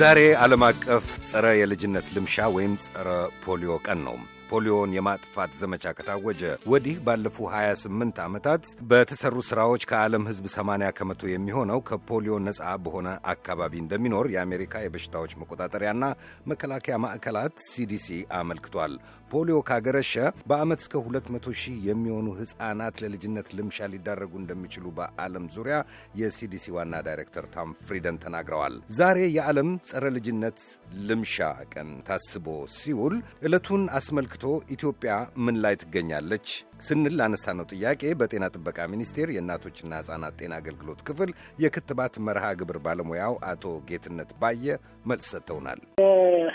ዛሬ ዓለም አቀፍ ጸረ የልጅነት ልምሻ ወይም ጸረ ፖሊዮ ቀን ነው። ፖሊዮን የማጥፋት ዘመቻ ከታወጀ ወዲህ ባለፉ 28 ዓመታት በተሰሩ ሥራዎች ከዓለም ሕዝብ 80 ከመቶ የሚሆነው ከፖሊዮ ነፃ በሆነ አካባቢ እንደሚኖር የአሜሪካ የበሽታዎች መቆጣጠሪያና መከላከያ ማዕከላት ሲዲሲ አመልክቷል። ፖሊዮ ካገረሸ በዓመት እስከ 200 ሺህ የሚሆኑ ሕፃናት ለልጅነት ልምሻ ሊዳረጉ እንደሚችሉ በዓለም ዙሪያ የሲዲሲ ዋና ዳይሬክተር ቶም ፍሪደን ተናግረዋል። ዛሬ የዓለም ጸረ ልጅነት ልምሻ ቀን ታስቦ ሲውል ዕለቱን አስመልክ አስመልክቶ ኢትዮጵያ ምን ላይ ትገኛለች ስንል ላነሳነው ጥያቄ በጤና ጥበቃ ሚኒስቴር የእናቶችና ሕፃናት ጤና አገልግሎት ክፍል የክትባት መርሃ ግብር ባለሙያው አቶ ጌትነት ባየ መልስ ሰጥተውናል።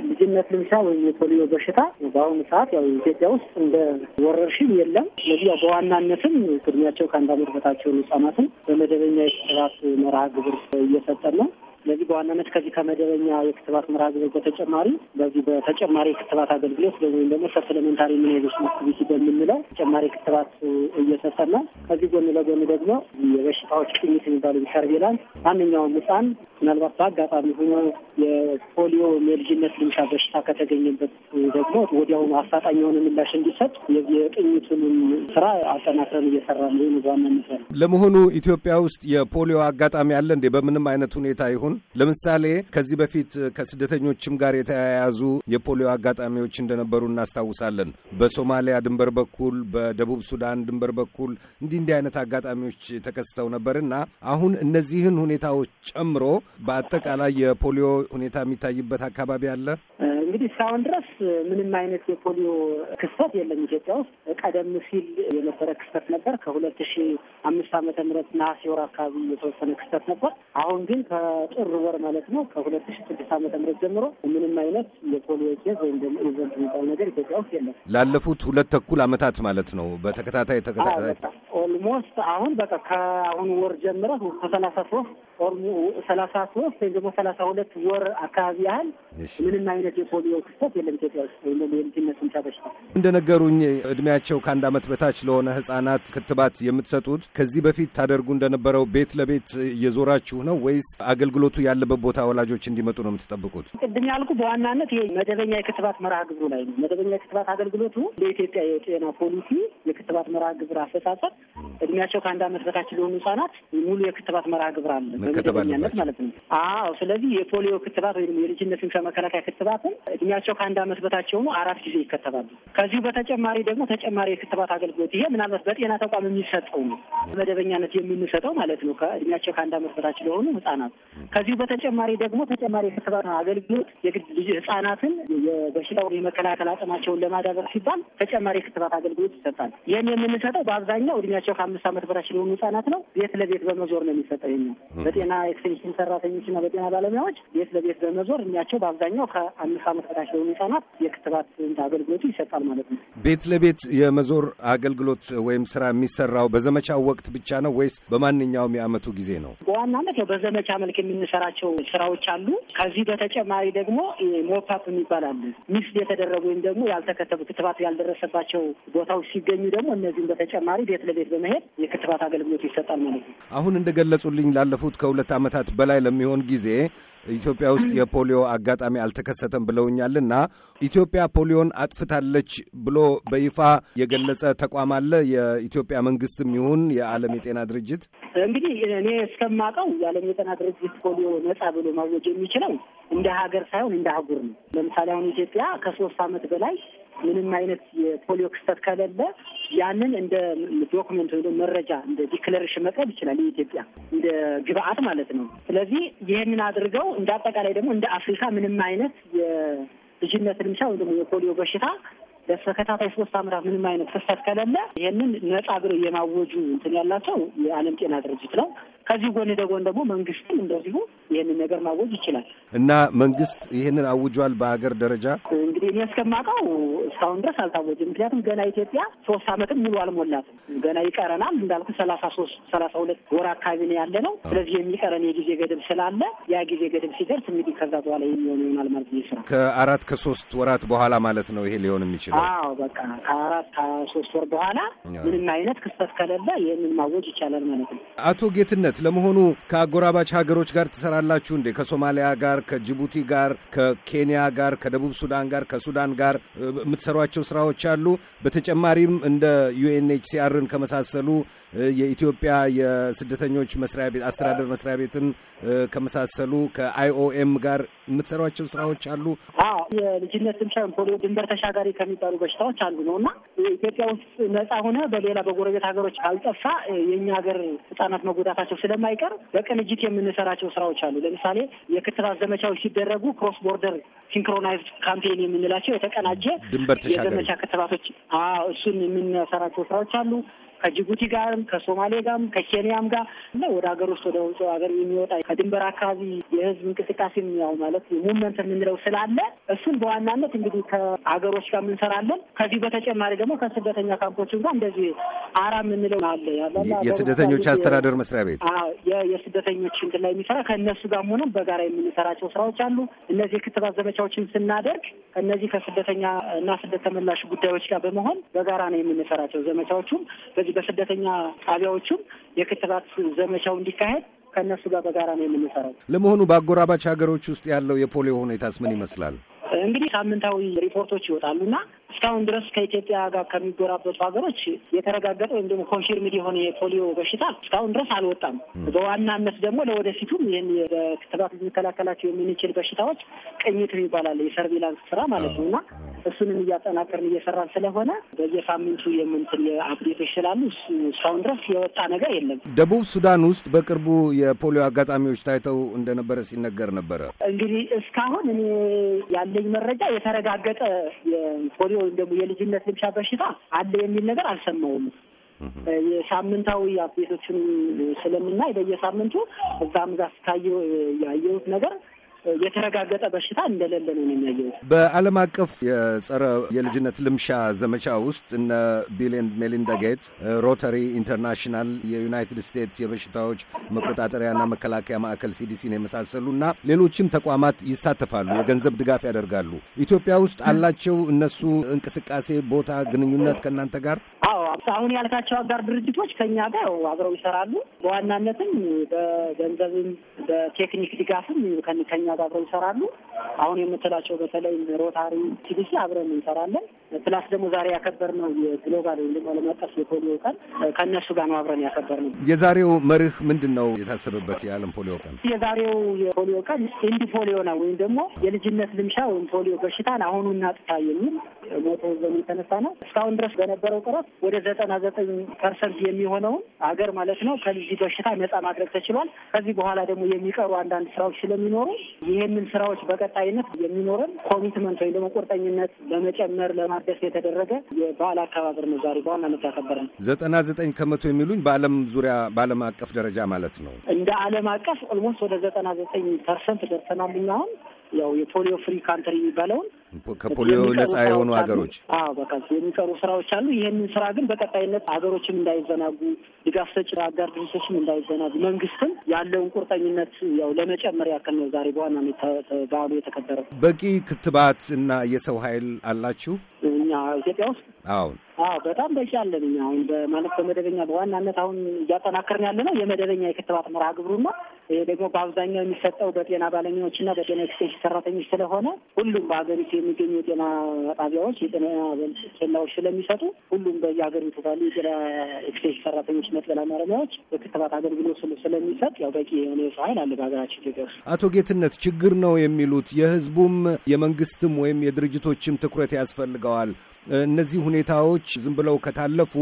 የልጅነት ልምሻ ወይም የፖሊዮ በሽታ በአሁኑ ሰዓት ያው ኢትዮጵያ ውስጥ እንደ ወረርሽኝ የለም። ስለዚህ ያው በዋናነትም ቅድሚያቸው ከአንድ ዓመት በታቸውን ህጻናትን በመደበኛ የክትባት መርሃ ግብር እየሰጠን ነው። ስለዚህ በዋናነት ከዚህ ከመደበኛ የክትባት መርሃ ግብር በተጨማሪ በዚህ በተጨማሪ የክትባት አገልግሎት ወይም ደግሞ ሰፕሊሜንታሪ ኢሚናይዜሽን አክቲቪቲ በምንለው ተጨማሪ ክትባት እየሰጠ እየሰጠና ከዚህ ጎን ለጎን ደግሞ የበሽታዎች ቅኝት የሚባሉ ሰርቬላንስ ማንኛውም ህፃን ምናልባት በአጋጣሚ ሆኖ የፖሊዮ የልጅነት ልምሻ በሽታ ከተገኘበት ደግሞ ወዲያውኑ አፋጣኝ የሆነ ምላሽ እንዲሰጥ የቅኝቱንም ስራ አጠናክረን እየሰራ ነው። ይህ ዋናነት ለመሆኑ ኢትዮጵያ ውስጥ የፖሊዮ አጋጣሚ አለ እንዴ? በምንም አይነት ሁኔታ ይሁን ለምሳሌ ከዚህ በፊት ከስደተኞችም ጋር የተያያዙ የፖሊዮ አጋጣሚዎች እንደነበሩ እናስታውሳለን። በሶማሊያ ድንበር በኩል በደቡብ ሱዳን ድንበር በኩል እንዲህ እንዲህ አይነት አጋጣሚዎች ተከስተው ነበርና አሁን እነዚህን ሁኔታዎች ጨምሮ በአጠቃላይ የፖሊዮ ሁኔታ የሚታይበት አካባቢ አለ። እንግዲህ እስካሁን ድረስ ምንም አይነት የፖሊዮ ክስተት የለም ኢትዮጵያ ውስጥ። ቀደም ሲል የነበረ ክስተት ነበር ከሁለት ሺ አምስት ዓመተ ምህረት ነሐሴ ወር አካባቢ የተወሰነ ክስተት ነበር። አሁን ግን ከጥር ወር ማለት ነው ከሁለት ሺ ስድስት ዓመተ ምህረት ጀምሮ ምንም አይነት የፖሊዮ ኬዝ ወይም ደግሞ ኢቨንት የሚባል ነገር ኢትዮጵያ ውስጥ የለም። ላለፉት ሁለት ተኩል ዓመታት ማለት ነው በተከታታይ ተከታታይ ኦልሞስት አሁን በቃ ከአሁኑ ወር ጀምረ ከሰላሳ ሶስት ኦርሞ ሰላሳ ሶስት ወይም ደግሞ ሰላሳ ሁለት ወር አካባቢ ያህል ምንም አይነት የፖሊዮ ክስተት የለም ኢትዮጵያ ውስጥ ወይም ደግሞ የልጅነት ትምቻ በሽታ። እንደነገሩኝ እድሜያቸው ከአንድ ዓመት በታች ለሆነ ህጻናት ክትባት የምትሰጡት ከዚህ በፊት ታደርጉ እንደነበረው ቤት ለቤት እየዞራችሁ ነው ወይስ አገልግሎቱ ያለበት ቦታ ወላጆች እንዲመጡ ነው የምትጠብቁት? ቅድም ያልኩ በዋናነት መደበኛ የክትባት መርሃ ግብሩ ላይ ነው። መደበኛ የክትባት አገልግሎቱ በኢትዮጵያ የጤና ፖሊሲ የክትባት መርሃ ግብር አፈጻጸም እድሜያቸው ከአንድ አመት በታች ለሆኑ ህጻናት ሙሉ የክትባት መርሃ ግብር አለ። መከተብ ማለት ነው። አዎ። ስለዚህ የፖሊዮ ክትባት ወይም የልጅነት ሽንሻ መከላከያ ክትባትን እድሜያቸው ከአንድ አመት በታች የሆኑ አራት ጊዜ ይከተባሉ። ከዚሁ በተጨማሪ ደግሞ ተጨማሪ የክትባት አገልግሎት ይሄ ምናልባት በጤና ተቋም የሚሰጠው ነው፣ መደበኛነት የምንሰጠው ማለት ነው። ከእድሜያቸው ከአንድ ዓመት በታች ለሆኑ ህጻናት። ከዚሁ በተጨማሪ ደግሞ ተጨማሪ የክትባት አገልግሎት የግድ ህጻናትን የበሽታውን የመከላከል አቅማቸውን ለማዳበር ሲባል ተጨማሪ የክትባት አገልግሎት ይሰጣል። ይህን የምንሰጠው በአብዛኛው እድሜያቸው ከአምስት ዓመት በታች ለሆኑ ህጻናት ነው። ቤት ለቤት በመዞር ነው የሚሰጠው። በጤና ኤክስቴንሽን ሰራተኞችና በጤና ባለሙያዎች ቤት ለቤት በመዞር እድሜያቸው በአብዛኛው ከአምስት ዓመት በታች ለሆኑ ህጻናት የክትባት አገልግሎቱ ይሰጣል ማለት ነው። ቤት ለቤት የመዞር አገልግሎት ወይም ስራ የሚሰራው በዘመቻው ወቅት ብቻ ነው ወይስ በማንኛውም የአመቱ ጊዜ ነው? በዋናነት ያው በዘመቻ መልክ የምንሰራቸው ስራዎች አሉ። ከዚህ በተጨማሪ ደግሞ ሞፓፕ የሚባል አለ። ሚስ የተደረጉ ወይም ደግሞ ያልተከተቡ ክትባት ያልደረሰባቸው ቦታዎች ሲገኙ ደግሞ እነዚህም በተጨማሪ ቤት ለቤት በመሄድ የክትባት አገልግሎት ይሰጣል ማለት ነው። አሁን እንደገለጹልኝ ላለፉት ከሁለት ዓመታት በላይ ለሚሆን ጊዜ ኢትዮጵያ ውስጥ የፖሊዮ አጋጣሚ አልተከሰተም ብለውኛልና ኢትዮጵያ ፖሊዮን አጥፍታለች ብሎ በይፋ የገለጸ ተቋም አለ? የኢትዮጵያ መንግስትም ይሁን የዓለም የጤና ድርጅት? እንግዲህ እኔ እስከማውቀው የዓለም የጤና ድርጅት ፖሊዮ ነጻ ብሎ ማወጅ የሚችለው እንደ ሀገር ሳይሆን እንደ አህጉር ነው። ለምሳሌ አሁን ኢትዮጵያ ከሶስት ዓመት በላይ ምንም አይነት የፖሊዮ ክስተት ከሌለ ያንን እንደ ዶክመንት ወይ መረጃ እንደ ዲክለሬሽን መቅረብ ይችላል። የኢትዮጵያ እንደ ግብአት ማለት ነው። ስለዚህ ይህንን አድርገው እንደ አጠቃላይ ደግሞ እንደ አፍሪካ ምንም አይነት የልጅነት ልምሻ ወይ ደግሞ የፖሊዮ በሽታ ለተከታታይ ሶስት አመታት ምንም አይነት ክስተት ከሌለ ይህንን ነጻ ብለው የማወጁ እንትን ያላቸው የዓለም ጤና ድርጅት ነው። ከዚህ ጎን ለጎን ደግሞ መንግስትም እንደዚሁ ይህንን ነገር ማወጅ ይችላል እና መንግስት ይህንን አውጇል። በሀገር ደረጃ እንግዲህ እኔ እስከማውቀው እስካሁን ድረስ አልታወጅም። ምክንያቱም ገና ኢትዮጵያ ሶስት አመትም ሙሉ አልሞላትም። ገና ይቀረናል እንዳልኩ ሰላሳ ሶስት ሰላሳ ሁለት ወር አካባቢ ነው ያለ ነው። ስለዚህ የሚቀረን የጊዜ ገደብ ስላለ ያ ጊዜ ገደብ ሲደርስ እንግዲህ ከዛ በኋላ የሚሆን ይሆናል ማለት ነው። ስራ ከአራት ከሶስት ወራት በኋላ ማለት ነው ይሄ ሊሆን የሚችለው። አዎ በቃ ከአራት ከሶስት ወር በኋላ ምንም አይነት ክስተት ከሌለ ይህንን ማወጅ ይቻላል ማለት ነው። አቶ ጌትነት ማለት ለመሆኑ ከአጎራባች ሀገሮች ጋር ትሰራላችሁ እንዴ? ከሶማሊያ ጋር፣ ከጅቡቲ ጋር፣ ከኬንያ ጋር፣ ከደቡብ ሱዳን ጋር፣ ከሱዳን ጋር የምትሰሯቸው ስራዎች አሉ። በተጨማሪም እንደ ዩኤንኤችሲአርን ከመሳሰሉ የኢትዮጵያ የስደተኞች መስሪያ ቤት አስተዳደር መስሪያ ቤትን ከመሳሰሉ ከአይኦኤም ጋር የምትሰሯቸው ስራዎች አሉ። የልጅነት ፖሊዮ ድንበር ተሻጋሪ ከሚባሉ በሽታዎች አንዱ ነው እና ኢትዮጵያ ውስጥ ነጻ ሆነ በሌላ በጎረቤት ሀገሮች ካልጠፋ የእኛ ሀገር ህጻናት መጎዳታቸው ስለማይቀር በቅንጅት የምንሰራቸው ስራዎች አሉ። ለምሳሌ የክትባት ዘመቻዎች ሲደረጉ ክሮስ ቦርደር ሲንክሮናይዝድ ካምፔን የምንላቸው የተቀናጀ ድንበር የዘመቻ ክትባቶች እሱን የምንሰራቸው ስራዎች አሉ። ከጅቡቲ ጋርም ከሶማሌ ጋርም ከኬንያም ጋር እና ወደ ሀገር ውስጥ ወደ ውጭ ሀገር የሚወጣ ከድንበር አካባቢ የህዝብ እንቅስቃሴ ያው ማለት ሙቭመንት የምንለው ስላለ እሱን በዋናነት እንግዲህ ከሀገሮች ጋር የምንሰራለን። ከዚህ በተጨማሪ ደግሞ ከስደተኛ ካምፖችን ጋር እንደዚህ አራ የምንለው አለ የስደተኞች አስተዳደር መስሪያ ቤት የስደተኞች እንትን ላይ የሚሰራ ከእነሱ ጋር ሆነ በጋራ የምንሰራቸው ስራዎች አሉ። እነዚህ የክትባት ዘመቻ ማስታወሻዎችን ስናደርግ እነዚህ ከስደተኛ እና ስደት ተመላሽ ጉዳዮች ጋር በመሆን በጋራ ነው የምንሰራቸው። ዘመቻዎቹም በዚህ በስደተኛ ጣቢያዎቹም የክትባት ዘመቻው እንዲካሄድ ከእነሱ ጋር በጋራ ነው የምንሰራው። ለመሆኑ በአጎራባች ሀገሮች ውስጥ ያለው የፖሊዮ ሁኔታስ ምን ይመስላል? እንግዲህ ሳምንታዊ ሪፖርቶች ይወጣሉና እስካሁን ድረስ ከኢትዮጵያ ጋር ከሚጎራበቱ ሀገሮች የተረጋገጠ ወይም ደግሞ ኮንፊርምድ የሆነ የፖሊዮ በሽታ እስካሁን ድረስ አልወጣም። በዋናነት ደግሞ ለወደፊቱም ይህን በክትባት ልንከላከላቸው የምንችል በሽታዎች ቅኝት ይባላል የሰርቪላንስ ስራ ማለት ነው እና እሱንም እያጠናከርን እየሰራን ስለሆነ በየሳምንቱ የምንትን የአፕዴቶች ስላሉ እስካሁን ድረስ የወጣ ነገር የለም። ደቡብ ሱዳን ውስጥ በቅርቡ የፖሊዮ አጋጣሚዎች ታይተው እንደነበረ ሲነገር ነበረ። እንግዲህ እስካሁን እኔ ያለኝ መረጃ የተረጋገጠ የፖሊዮ ወይም ደግሞ የልጅነት ልምሻ በሽታ አለ የሚል ነገር አልሰማውም። የሳምንታዊ አፕዴቶችን ስለምናይ በየሳምንቱ እዛም እዛ ስታየው ያየሁት ነገር የተረጋገጠ በሽታ እንደሌለ ነው የሚያየው። በዓለም አቀፍ የጸረ የልጅነት ልምሻ ዘመቻ ውስጥ እነ ቢል ኤንድ ሜሊንዳ ጌትስ፣ ሮተሪ ኢንተርናሽናል፣ የዩናይትድ ስቴትስ የበሽታዎች መቆጣጠሪያና መከላከያ ማዕከል ሲዲሲን የመሳሰሉ ና ሌሎችም ተቋማት ይሳተፋሉ፣ የገንዘብ ድጋፍ ያደርጋሉ። ኢትዮጵያ ውስጥ አላቸው እነሱ እንቅስቃሴ ቦታ፣ ግንኙነት ከእናንተ ጋር አሁን ያልካቸው አጋር ድርጅቶች ከኛ ጋር አብረው ይሰራሉ። በዋናነትም በገንዘብም በቴክኒክ ድጋፍም ከኛ ጋር አብረው ይሰራሉ። አሁን የምትላቸው በተለይ ሮታሪ ሲዲሲ አብረን እንሰራለን። ፕላስ ደግሞ ዛሬ ያከበርነው የግሎባል ወይም ዓለም አቀፍ የፖሊዮ ቀን ከእነሱ ጋር ነው አብረን ያከበርነው። የዛሬው መርህ ምንድን ነው የታሰበበት የዓለም ፖሊዮ ቀን? የዛሬው የፖሊዮ ቀን ኢንዲ ፖሊዮ ነው ወይም ደግሞ የልጅነት ልምሻ ወይም ፖሊዮ በሽታን አሁኑ እናጥፋ የሚል በመመዘኑ የተነሳ ነው። እስካሁን ድረስ በነበረው ጥረት ወደ ዘጠና ዘጠኝ ፐርሰንት የሚሆነውን አገር ማለት ነው ከዚህ በሽታ ነጻ ማድረግ ተችሏል። ከዚህ በኋላ ደግሞ የሚቀሩ አንዳንድ ስራዎች ስለሚኖሩ ይህንን ስራዎች በቀጣይነት የሚኖረን ኮሚትመንት ወይም ደግሞ ቁርጠኝነት ለመጨመር ለማደስ የተደረገ የበዓል አከባበር ነው ዛሬ በዋናነት ያከበርነው። ዘጠና ዘጠኝ ከመቶ የሚሉኝ በዓለም ዙሪያ በዓለም አቀፍ ደረጃ ማለት ነው እንደ ዓለም አቀፍ ኦልሞስት ወደ ዘጠና ዘጠኝ ፐርሰንት ደርሰናል። አሁን ያው የፖሊዮ ፍሪ ካንትሪ የሚባለውን ከፖሊዮ ነጻ የሆኑ ሀገሮች በቃ የሚቀሩ ስራዎች አሉ። ይህንን ስራ ግን በቀጣይነት ሀገሮችም እንዳይዘናጉ፣ ድጋፍ ሰጭ አጋር ድርጅቶችም እንዳይዘናጉ፣ መንግስትም ያለውን ቁርጠኝነት ያው ለመጨመር ያክል ነው። ዛሬ በዋና በዓሉ የተከበረው በቂ ክትባት እና የሰው ኃይል አላችሁ እኛ ኢትዮጵያ ውስጥ? አሁን አዎ በጣም በቂ አለን። እኛ አሁን በማለት በመደበኛ በዋናነት አሁን እያጠናከርን ያለ ነው የመደበኛ የክትባት መርሃ ግብሩና ይሄ ደግሞ በአብዛኛው የሚሰጠው በጤና ባለሙያዎችና በጤና ኤክስቴንሽን ሰራተኞች ስለሆነ ሁሉም በሀገሪቱ የሚገኙ የጤና ጣቢያዎች የጤና ኬላዎች ስለሚሰጡ ሁሉም በየሀገሪቱ ባሉ የጤና ኤክስቴንሽን ሰራተኞች እና ጤና ባለሙያዎች በክትባት አገልግሎት ስለሚሰጥ ያው በቂ የሆነ የሰው ኃይል አለ በሀገራችን ኢትዮጵያ ውስጥ። አቶ ጌትነት ችግር ነው የሚሉት የህዝቡም የመንግስትም ወይም የድርጅቶችም ትኩረት ያስፈልገዋል። እነዚህ ሁኔታዎች ዝም ብለው ከታለፉ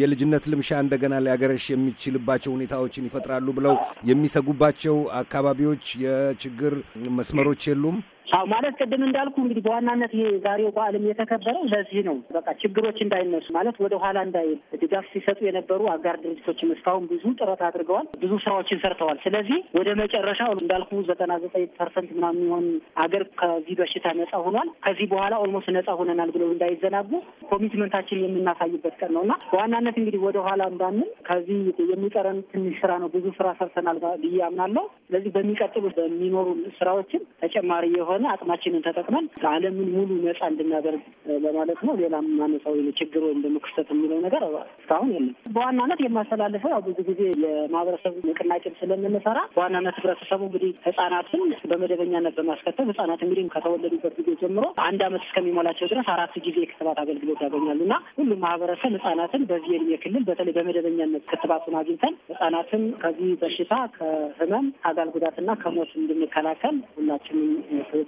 የልጅነት ልምሻ እንደገና ሊያገረሽ የሚችልባቸው ሁኔታዎችን ይፈጥራሉ ብለው የሚሰጉባቸው ያላቸው አካባቢዎች የችግር መስመሮች የሉም? አዎ ማለት ቅድም እንዳልኩ እንግዲህ በዋናነት ይሄ ዛሬው በዓልም የተከበረው ለዚህ ነው። በቃ ችግሮች እንዳይነሱ ማለት ወደ ኋላ እንዳይል ድጋፍ ሲሰጡ የነበሩ አጋር ድርጅቶችም እስካሁን ብዙ ጥረት አድርገዋል፣ ብዙ ስራዎችን ሰርተዋል። ስለዚህ ወደ መጨረሻው እንዳልኩ ዘጠና ዘጠኝ ፐርሰንት ምናምን የሚሆን አገር ከዚህ በሽታ ነጻ ሆኗል። ከዚህ በኋላ ኦልሞስት ነጻ ሆነናል ብለው እንዳይዘናጉ ኮሚትመንታችን የምናሳይበት ቀን ነው እና በዋናነት እንግዲህ ወደ ኋላ እንዳንል ከዚህ የሚቀረን ትንሽ ስራ ነው። ብዙ ስራ ሰርተናል ብዬ አምናለሁ። ስለዚህ በሚቀጥሉ በሚኖሩ ስራዎችን ተጨማሪ የሆነ ስለሆነ አቅማችንን ተጠቅመን ዓለምን ሙሉ ነጻ እንድናደርግ ለማለት ነው። ሌላም ማነሳው ችግር ወይም ደግሞ ክስተት የሚለው ነገር እስካሁን የለም። በዋናነት የማስተላልፈው ያው ብዙ ጊዜ የማህበረሰብ ንቅናቄም ስለምንሰራ በዋናነት ህብረተሰቡ እንግዲህ ህጻናትን በመደበኛነት በማስከተብ ህጻናት እንግዲህ ከተወለዱበት ጊዜ ጀምሮ አንድ አመት እስከሚሞላቸው ድረስ አራት ጊዜ ክትባት አገልግሎት ያገኛሉ እና ሁሉም ማህበረሰብ ህጻናትን በዚህ እድሜ ክልል በተለይ በመደበኛነት ክትባቱን አግኝተን ህጻናትን ከዚህ በሽታ ከህመም፣ አጋል ጉዳትና ከሞት እንድንከላከል ሁላችንም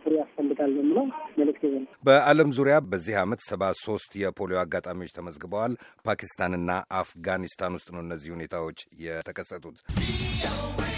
ክትትል ያስፈልጋል የሚለው መልእክት ይዘ በዓለም ዙሪያ በዚህ ዓመት ሰባ ሶስት የፖሊዮ አጋጣሚዎች ተመዝግበዋል። ፓኪስታንና አፍጋኒስታን ውስጥ ነው እነዚህ ሁኔታዎች የተከሰቱት።